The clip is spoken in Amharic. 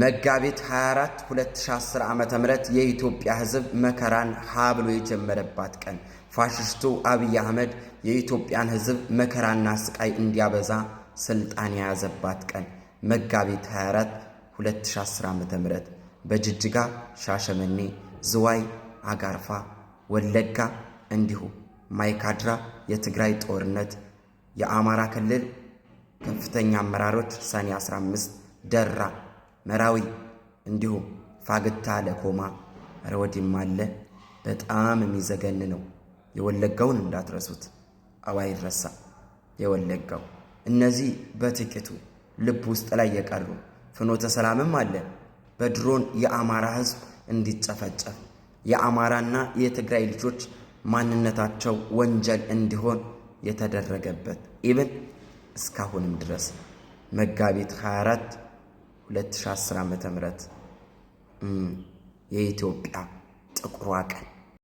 መጋቢት 24 2010 ዓ.ም የኢትዮጵያ ሕዝብ መከራን ሀ ብሎ የጀመረባት ቀን ፋሽስቱ አብይ አህመድ የኢትዮጵያን ሕዝብ መከራና ስቃይ እንዲያበዛ ስልጣን የያዘባት ቀን መጋቢት 24 2010 ዓ.ም ም በጅጅጋ፣ ሻሸመኔ፣ ዝዋይ፣ አጋርፋ፣ ወለጋ እንዲሁ ማይካድራ የትግራይ ጦርነት የአማራ ክልል ከፍተኛ አመራሮች ሰኔ 15 ደራ መራዊ እንዲሁም ፋግታ ለኮማ ረወዲም አለ። በጣም የሚዘገን ነው። የወለጋውን እንዳትረሱት። አዋይ ረሳ የወለጋው እነዚህ በጥቂቱ ልብ ውስጥ ላይ የቀሩ ፍኖተ ሰላምም አለ። በድሮን የአማራ ህዝብ እንዲጨፈጨፍ የአማራና የትግራይ ልጆች ማንነታቸው ወንጀል እንዲሆን የተደረገበት ኢብን እስካሁንም ድረስ መጋቢት 24 2010 ዓ.ም የኢትዮጵያ ጥቁሯ ቀን